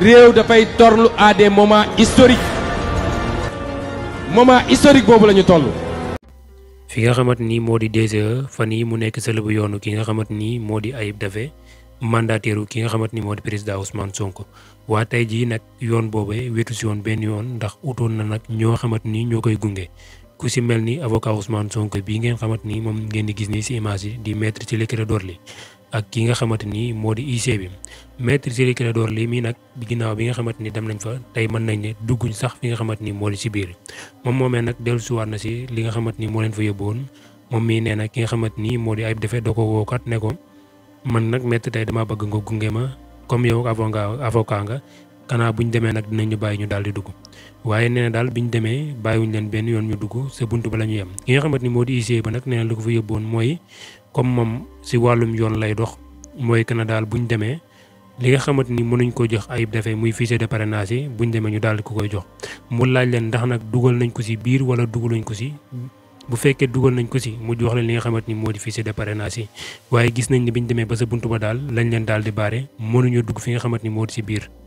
réew dafay torlu à des moments historiques moment historique boobu la ñu toll. fi nga xamante ni moo di DGE fan yi mu nekk sëlëbu yoonu ki nga xamante ni moo di Ayib Daffé mandataire ki nga xamante ni moo di président Ousmane sonk waa tey jii nag yoon boobee wetu si yoon benn yoon ndax utoon na nag ñoo xamante ni ñoo koy gunge. ku si mel ni avocat Ousmane Sonko bii ngeen xamante ni moom ngeen di gis nii si image yi di maître ci Ciré Clédor Ly ak ki nga xamante ni moo di IC bi maître Ciré Clédor Ly mii nag ginnaaw bi nga xamante ni dem nañ fa tey mën nañ ne dugguñ sax fi nga xamante ni moo di si biir moom moomee nag dellusiwaat na si li nga xamante ni moo leen fa yóbbuwoon moom mii nee na ki nga xamante ni moo di Ayib Daffé da ko wookat ne ko man nag maître tey damaa bëgg nga gunge ma comme yow avocat avocat nga kanaa bu ñu demee nag dinañu bàyyi ñu daal di dugg waaye nee na daal bi ñu demee bàyyiwuñ leen benn yoon ñu dugg sa bunt ba la ñu yem ki nga xamante ni moo di IC ba nag nee na lu ko fa yóbbuwoon mooy comme moom si wàllum yoon lay dox mooy que ne daal buñ demee li nga xamante ni mënuñ ko jox ay dafay muy fichier de parrainage yi buñ demee ñu daal di ko koy jox mu laaj leen ndax nag dugal nañ ko si biir wala dugaluñ ko si bu fekkee dugal nañ ko si mu jox leen li nga xamante ni moo di fichier de parrainage yi waaye gis nañ ne biñ demee ba sa bunt ba daal lañ leen daal di baare mënuñu dugg fi nga xamante ni moo di si biir